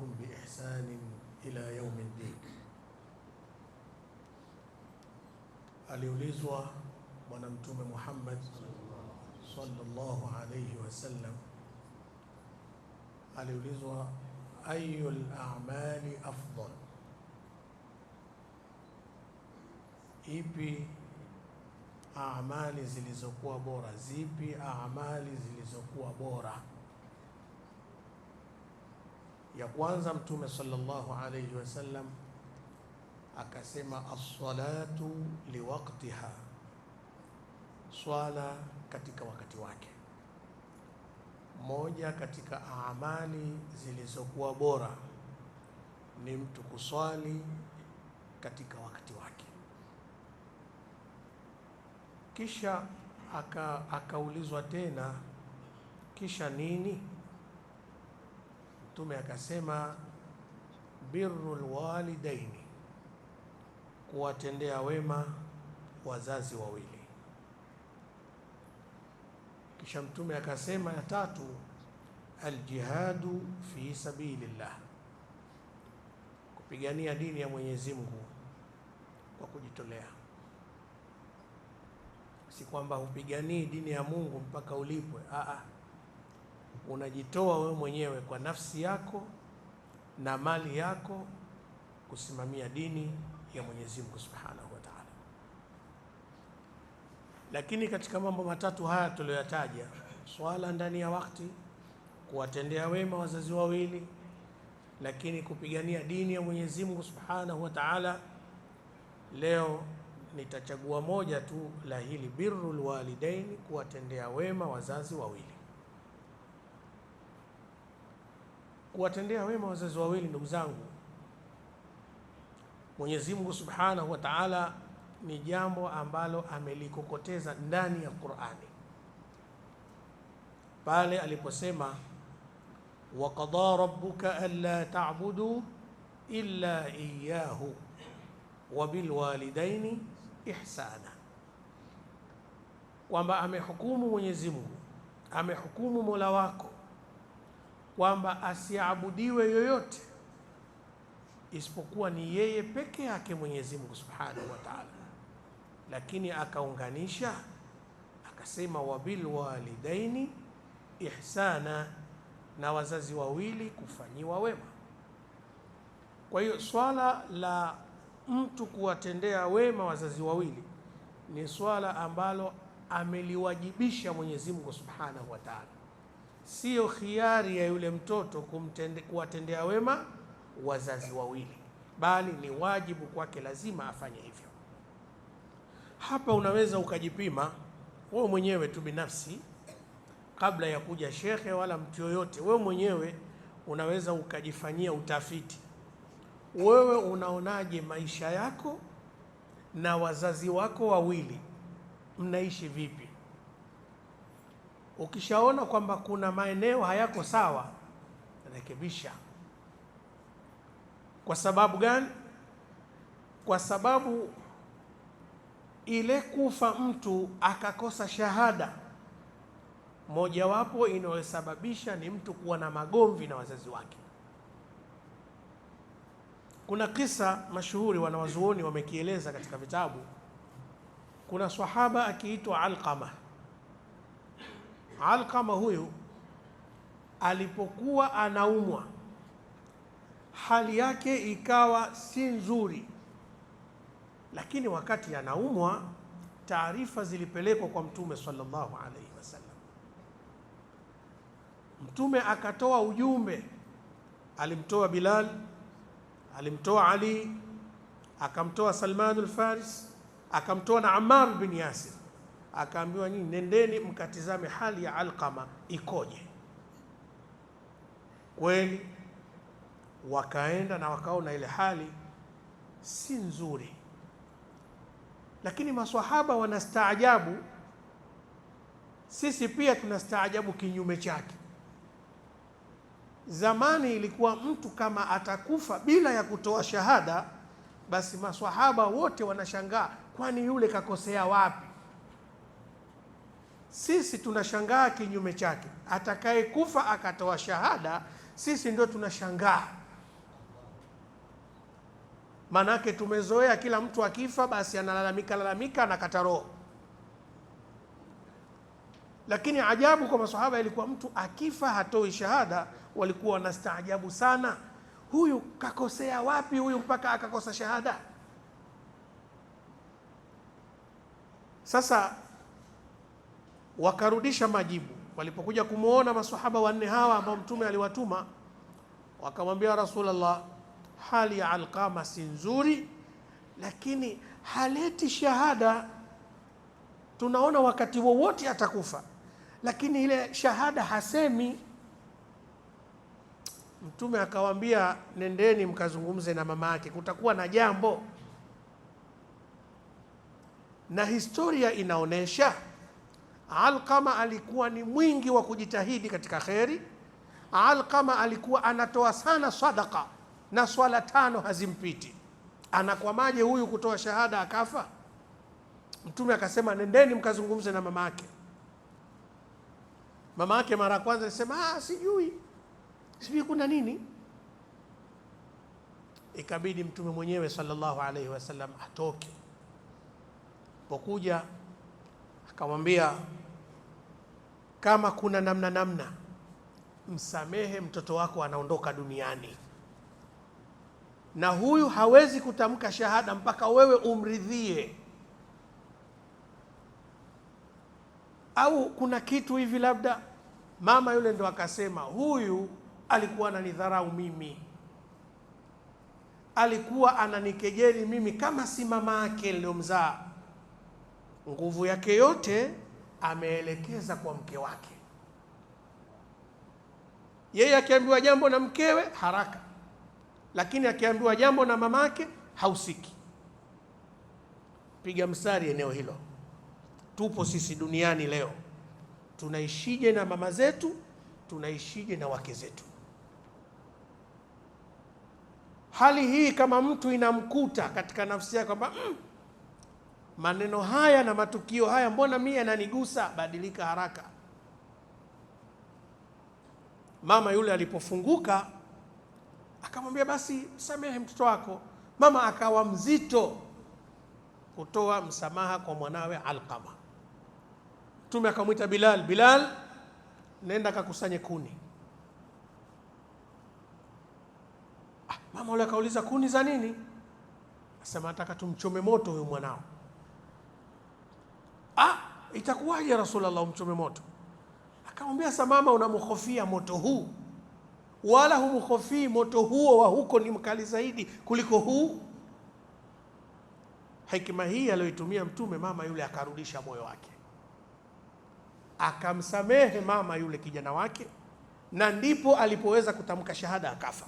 واتبعهم بإحسان إلى يوم الدين aliulizwa bwana mtume Muhammad sallallahu alayhi wasallam aliulizwa ayu lamali afdal, ipi amali zilizokuwa bora, zipi amali zilizokuwa bora ya kwanza Mtume sallallahu alayhi wasallam akasema, as-salatu liwaqtiha, swala katika wakati wake. Moja katika amali zilizokuwa bora ni mtu kuswali katika wakati wake. Kisha akaulizwa aka tena, kisha nini? Mtume akasema birrul walidaini, kuwatendea wema wazazi wawili. Kisha Mtume akasema ya tatu, aljihadu fi sabilillah, kupigania dini ya Mwenyezi Mungu kwa kujitolea. Si kwamba hupiganii dini ya Mungu mpaka ulipwe, a a unajitoa wewe mwenyewe kwa nafsi yako na mali yako kusimamia dini ya Mwenyezi Mungu Subhanahu wa Ta'ala. Lakini katika mambo matatu haya tuliyoyataja, swala ndani ya wakati, kuwatendea wema wazazi wawili, lakini kupigania dini ya Mwenyezi Mungu Subhanahu wa Ta'ala, leo nitachagua moja tu la hili, birrul walidaini, kuwatendea wema wazazi wawili. kuwatendea wema wazazi wawili, ndugu zangu, Mwenyezi Mungu Subhanahu wa Ta'ala ni jambo ambalo amelikokoteza ndani ya Qur'ani pale aliposema wa rabuka rabbuka alla ta'budu illa iyyahu wa bil ihsana, kwamba amehukumu Mwenyezi Mungu, amehukumu Mola wako kwamba asiabudiwe yoyote isipokuwa ni yeye peke yake Mwenyezi Mungu Subhanahu wa Ta'ala. Lakini akaunganisha akasema, wabilwalidaini ihsana, na wazazi wawili kufanyiwa wema. Kwa hiyo swala la mtu kuwatendea wema wazazi wawili ni swala ambalo ameliwajibisha Mwenyezi Mungu Subhanahu wa Ta'ala siyo khiari ya yule mtoto kumtende, kuwatendea wema wazazi wawili, bali ni wajibu kwake, lazima afanye hivyo. Hapa unaweza ukajipima wewe mwenyewe tu binafsi, kabla ya kuja shekhe wala mtu yoyote, wewe mwenyewe unaweza ukajifanyia utafiti. Wewe unaonaje maisha yako na wazazi wako wawili, mnaishi vipi? Ukishaona kwamba kuna maeneo hayako sawa, rekebisha. Kwa sababu gani? Kwa sababu ile kufa mtu akakosa shahada, mojawapo inayosababisha ni mtu kuwa na magomvi na wazazi wake. Kuna kisa mashuhuri wanawazuoni wamekieleza katika vitabu. Kuna swahaba akiitwa Alqama Alkama huyu alipokuwa anaumwa, hali yake ikawa si nzuri, lakini wakati anaumwa, taarifa zilipelekwa kwa Mtume sallallahu alaihi wasallam. Mtume akatoa ujumbe, alimtoa Bilal, alimtoa Ali, akamtoa Salmanul Faris, akamtoa na Ammar bin Yasir akaambiwa nyinyi nendeni mkatizame hali ya Alqama ikoje. Kweli wakaenda na wakaona ile hali si nzuri, lakini maswahaba wanastaajabu, sisi pia tunastaajabu kinyume chake. Zamani ilikuwa mtu kama atakufa bila ya kutoa shahada, basi maswahaba wote wanashangaa, kwani yule kakosea wapi? Sisi tunashangaa kinyume chake, atakayekufa akatoa shahada, sisi ndio tunashangaa. Maanake tumezoea kila mtu akifa basi analalamika lalamika, anakata roho. Lakini ajabu kwa masahaba ilikuwa mtu akifa hatoi shahada, walikuwa wanastaajabu sana, huyu kakosea wapi huyu mpaka akakosa shahada? Sasa Wakarudisha majibu walipokuja kumwona masahaba wanne hawa ambao mtume aliwatuma, wakamwambia Rasulullah, hali ya Alqama si nzuri, lakini haleti shahada. Tunaona wakati wowote atakufa, lakini ile shahada hasemi. Mtume akawaambia, nendeni mkazungumze na mama yake, kutakuwa na jambo. Na historia inaonyesha Alqama alikuwa ni mwingi wa kujitahidi katika kheri. Alqama alikuwa anatoa sana sadaka na swala tano hazimpiti. Anakwamaje huyu kutoa shahada akafa? Mtume akasema nendeni mkazungumze na mama yake. Mama yake mara ya kwanza alisema ah, sijui sijui kuna nini. Ikabidi mtume mwenyewe sallallahu alaihi wasallam atoke pokuja akamwambia kama kuna namna namna, msamehe mtoto wako anaondoka duniani, na huyu hawezi kutamka shahada mpaka wewe umridhie, au kuna kitu hivi labda. Mama yule ndo akasema, huyu alikuwa ananidharau mimi, alikuwa ananikejeli mimi, kama si mama yake niliyomzaa nguvu yake yote ameelekeza kwa mke wake. Yeye akiambiwa jambo na mkewe haraka, lakini akiambiwa jambo na mamake hausiki. Piga mstari eneo hilo. Tupo sisi duniani leo, tunaishije na mama zetu? Tunaishije na wake zetu? Hali hii kama mtu inamkuta katika nafsi yake kwamba mm, maneno haya na matukio haya, mbona mimi yananigusa? Badilika haraka. Mama yule alipofunguka akamwambia, basi samehe mtoto wako. Mama akawa mzito kutoa msamaha kwa mwanawe Alqama. Mtume akamwita Bilal, Bilal, nenda kakusanye kuni. Ah, mama yule akauliza kuni za nini? Asema, nataka tumchome moto huyu mwanao itakuwaje Rasulullah umchome moto? Akamwambia samama, unamhofia moto huu, wala humhofii moto huo wa huko ni mkali zaidi kuliko huu. Hekima hii aliyoitumia Mtume, mama yule akarudisha moyo wake, akamsamehe mama yule kijana wake, na ndipo alipoweza kutamka shahada, akafa.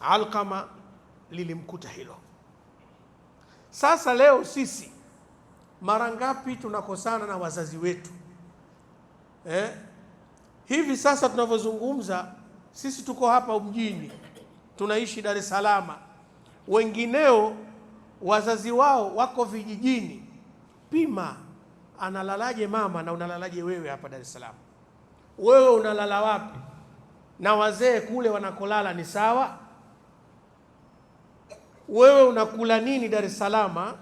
Alqama lilimkuta hilo. Sasa leo sisi mara ngapi tunakosana na wazazi wetu eh? Hivi sasa tunavyozungumza sisi tuko hapa mjini, tunaishi Dar es Salaam, wengineo wazazi wao wako vijijini. Pima analalaje mama na unalalaje wewe hapa Dar es Salaam? Wewe unalala wapi na wazee kule wanakolala ni sawa? Wewe unakula nini Dar es Salaam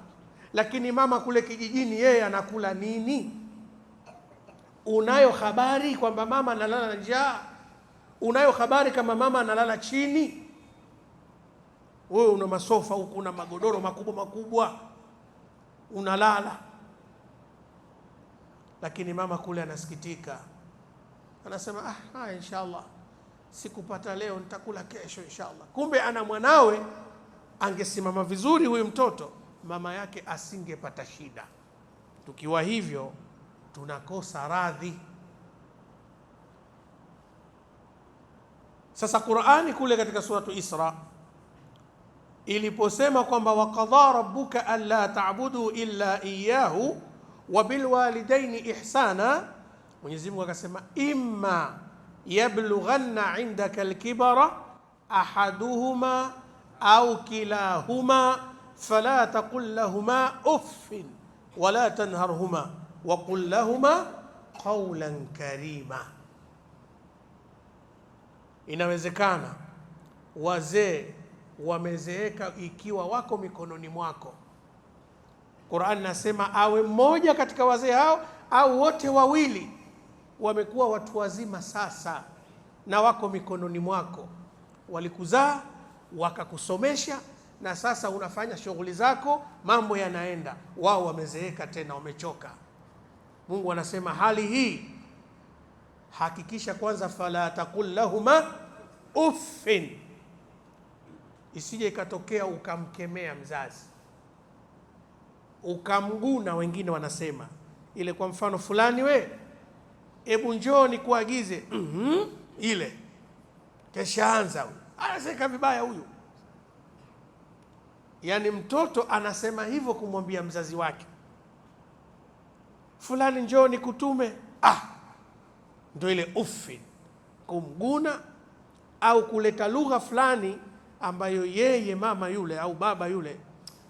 lakini mama kule kijijini yeye anakula nini? Unayo habari kwamba mama analala njaa? Unayo habari kama mama analala chini? Wewe una masofa huku, una magodoro makubwa makubwa, unalala, lakini mama kule anasikitika, anasema ah, haya, inshallah sikupata leo, nitakula kesho inshallah. Kumbe ana mwanawe, angesimama vizuri huyu mtoto mama yake asingepata shida. Tukiwa hivyo tunakosa radhi. Sasa Qur'ani kule katika suratu Isra iliposema kwamba waqadha rabbuka alla ta'budu illa iyyahu wa bil walidaini ihsana, Mwenyezi Mungu akasema imma yablughanna indaka alkibara ahaduhuma au kilahuma fala taqul lahuma uffin wala tanharhuma waqul lahuma qawlan karima. Inawezekana wazee wamezeeka ikiwa wako mikononi mwako. Qur'an nasema awe mmoja katika wazee hao au wote wawili, wamekuwa watu wazima sasa na wako mikononi mwako, walikuzaa wakakusomesha na sasa unafanya shughuli zako, mambo yanaenda. Wao wamezeeka tena, wamechoka. Mungu anasema hali hii, hakikisha kwanza, fala takul lahuma uffin, isije ikatokea ukamkemea mzazi ukamguna. Wengine wanasema ile, kwa mfano fulani, we hebu njoo kuagize mm -hmm, ile keshaanza huyu anaseka vibaya huyu Yaani mtoto anasema hivyo kumwambia mzazi wake, fulani njoo kutume Ah, ndio ile ufi kumguna au kuleta lugha fulani ambayo yeye mama yule au baba yule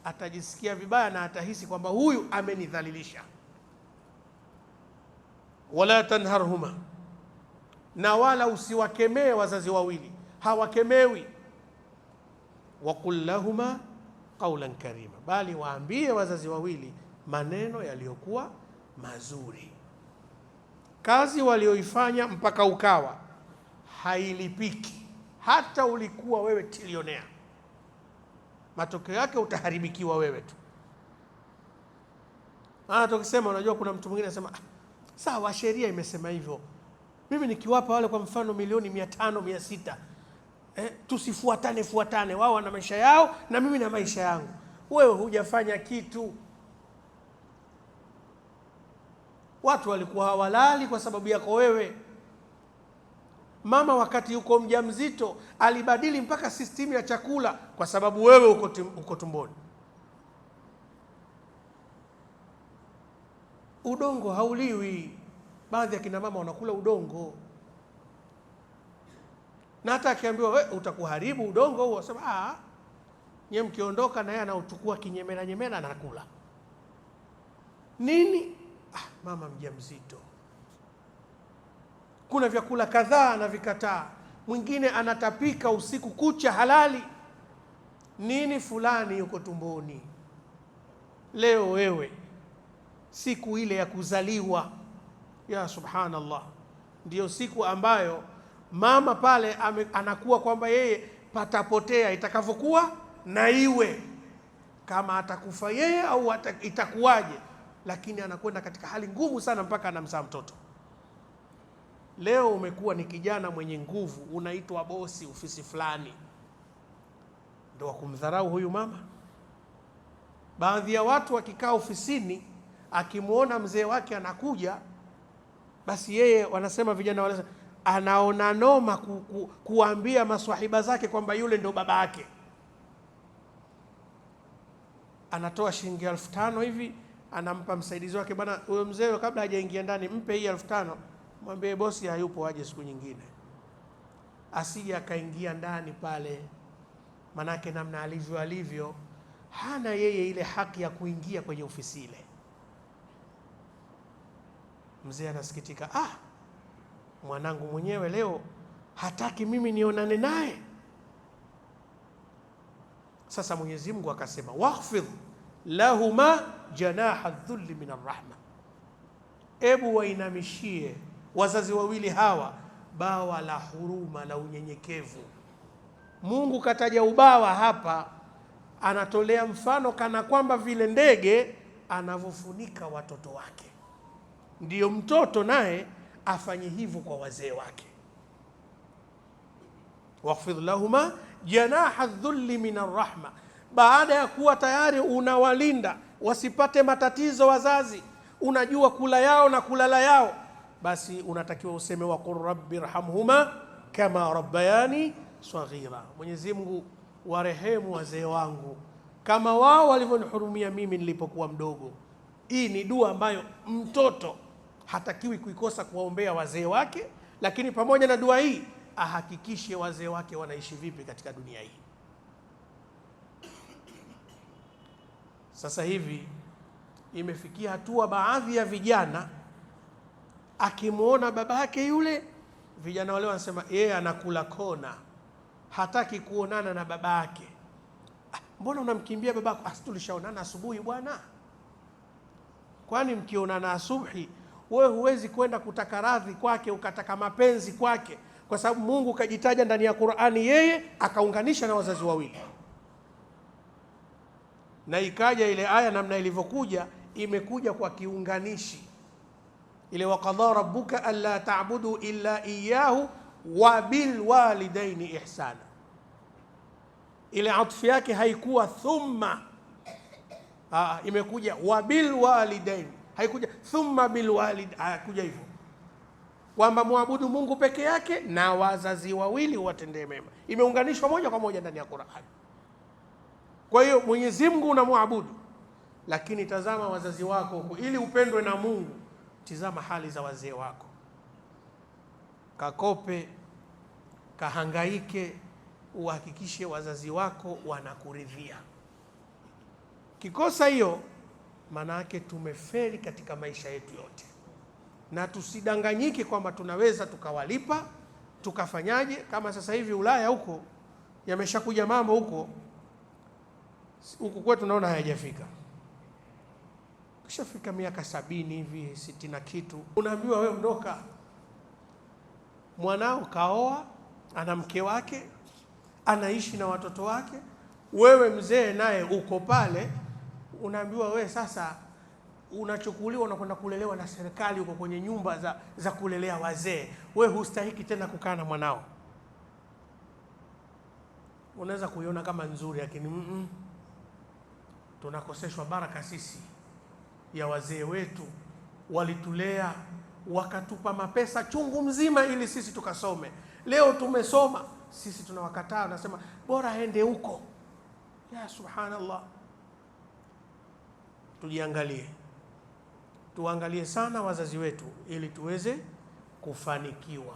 atajisikia vibaya na atahisi kwamba huyu amenidhalilisha. Wala tanharhuma, na wala usiwakemee wazazi wawili, hawakemewi. wakul lahuma qaulan karima, bali waambie wazazi wawili maneno yaliyokuwa mazuri. Kazi walioifanya mpaka ukawa hailipiki, hata ulikuwa wewe tilionea, matokeo yake utaharibikiwa wewe tu. Maana ah, tukisema, unajua kuna mtu mwingine anasema ah, sawa, sheria imesema hivyo, mimi nikiwapa wale kwa mfano milioni mia tano mia sita eh, tusifuatane fuatane, wao wana maisha yao na mimi na maisha yangu. Wewe hujafanya kitu. Watu walikuwa hawalali kwa sababu yako wewe. Mama wakati yuko mjamzito alibadili mpaka sistimu ya chakula kwa sababu wewe uko, uko tumboni. Udongo hauliwi. Baadhi ya kina mama wanakula udongo na hata akiambiwa wewe eh, utakuharibu udongo huo, asema ah, nyie mkiondoka, na yeye anauchukua kinyemela nyemela, na kula nini. Ah, mama mjamzito, kuna vyakula kadhaa vikataa. Mwingine anatapika usiku kucha halali nini fulani yuko tumboni. Leo wewe siku ile ya kuzaliwa, ya subhanallah, ndiyo siku ambayo mama pale ame, anakuwa kwamba yeye patapotea itakavyokuwa na iwe kama atakufa yeye au itakuwaje, lakini anakwenda katika hali ngumu sana mpaka anamzaa mtoto. Leo umekuwa ni kijana mwenye nguvu, unaitwa bosi ofisi fulani, ndo wakumdharau huyu mama. Baadhi ya watu wakikaa ofisini, akimwona mzee wake anakuja, basi yeye wanasema vijana wanasema anaona noma ku, ku, kuambia maswahiba zake kwamba yule ndo baba yake. Anatoa shilingi elfu tano hivi anampa msaidizi wake, bwana, huyo mzee kabla hajaingia ndani, mpe hii elfu tano mwambie bosi hayupo, aje siku nyingine, asije akaingia ndani pale, manake namna alivyo alivyo hana yeye ile haki ya kuingia kwenye ofisi ile. Mzee anasikitika, ah mwanangu mwenyewe leo hataki mimi nionane naye. Sasa Mwenyezi Mungu akasema, wakhfidh lahuma janaha dhulli min arrahma, ebu wainamishie wazazi wawili hawa bawa la huruma la unyenyekevu. Mungu kataja ubawa hapa, anatolea mfano kana kwamba vile ndege anavyofunika watoto wake, ndiyo mtoto naye afanye hivyo kwa wazee wake, wahfidh lahuma janaha dhulli min arrahma. Baada ya kuwa tayari unawalinda wasipate matatizo wazazi, unajua kula yao na kulala yao, basi unatakiwa useme waqul rabbi rhamhuma kama rabbayani saghira, Mwenyezi Mungu warehemu wazee wangu kama wao walivyonihurumia mimi nilipokuwa mdogo. Hii ni dua ambayo mtoto hatakiwi kuikosa kuwaombea wazee wake, lakini pamoja na dua hii ahakikishe wazee wake wanaishi vipi katika dunia hii. Sasa hivi imefikia hatua baadhi ya vijana akimwona yake yule, vijana wale wanasema yeye anakula kona, hataki kuonana na baba yake. Ah, mbona unamkimbia babako? Asi, ah, tulishaonana asubuhi bwana. Kwani mkionana asubuhi wewe huwezi kwenda kutaka radhi kwake ukataka mapenzi kwake, kwa sababu Mungu kajitaja ndani ya Qur'ani, yeye akaunganisha na wazazi wawili, na ikaja ile aya namna ilivyokuja, imekuja kwa kiunganishi ile waqadha rabbuka alla ta'budu illa iyyahu wa bil walidaini ihsana. Ile atfi yake haikuwa thumma, ah, imekuja wa bil walidaini haikuja thumma bilwalid, hayakuja hivyo kwamba mwabudu Mungu peke yake na wazazi wawili watendee mema. Imeunganishwa moja kwa moja ndani ya Qur'an. Kwa hiyo Mwenyezi Mungu unamwabudu, lakini tazama wazazi wako, ili upendwe na Mungu, tizama hali za wazee wako, kakope kahangaike, uhakikishe wazazi wako wanakuridhia. Kikosa hiyo maana yake tumefeli katika maisha yetu yote, na tusidanganyike kwamba tunaweza tukawalipa tukafanyaje. Kama sasa hivi Ulaya huko yameshakuja mambo huko, huku kwetu tunaona hayajafika. Kishafika miaka sabini hivi sitini na kitu, unaambiwa wewe ondoka. Mwanao kaoa, ana mke wake, anaishi na watoto wake, wewe mzee naye uko pale unaambiwa wewe sasa unachukuliwa unakwenda kulelewa na serikali, uko kwenye nyumba za, za kulelea wazee. We hustahiki tena kukaa na mwanao. Unaweza kuiona kama nzuri, lakini mm -mm. tunakoseshwa baraka sisi ya wazee wetu, walitulea wakatupa mapesa chungu mzima ili sisi tukasome. Leo tumesoma sisi tunawakataa, nasema bora aende huko. Ya subhanallah tujiangalie, tuangalie sana wazazi wetu ili tuweze kufanikiwa.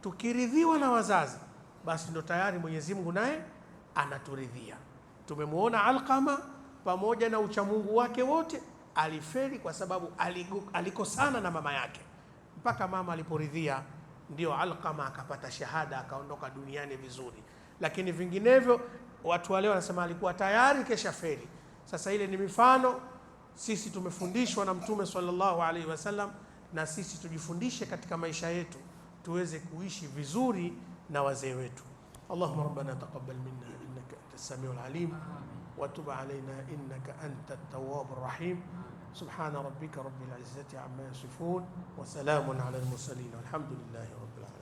Tukiridhiwa na wazazi, basi ndo tayari Mwenyezi Mungu naye anaturidhia. Tumemwona Alqama pamoja na uchamungu wake wote alifeli kwa sababu alikosana na mama yake, mpaka mama aliporidhia ndio Alqama akapata shahada akaondoka duniani vizuri, lakini vinginevyo watu wale wanasema alikuwa tayari kesha feli. Sasa ile ni mifano Sisi tumefundishwa na Mtume sallallahu alaihi wasallam, na sisi tujifundishe katika maisha yetu tuweze kuishi vizuri na wazee wetu. Allahumma rabbana taqabbal minna innaka antas samiul alim wa tub alaina innaka antat tawwabur rahim subhana rabbika rabbil izzati amma yasifun wa salamun alal mursalin walhamdulillahi rabbil alamin.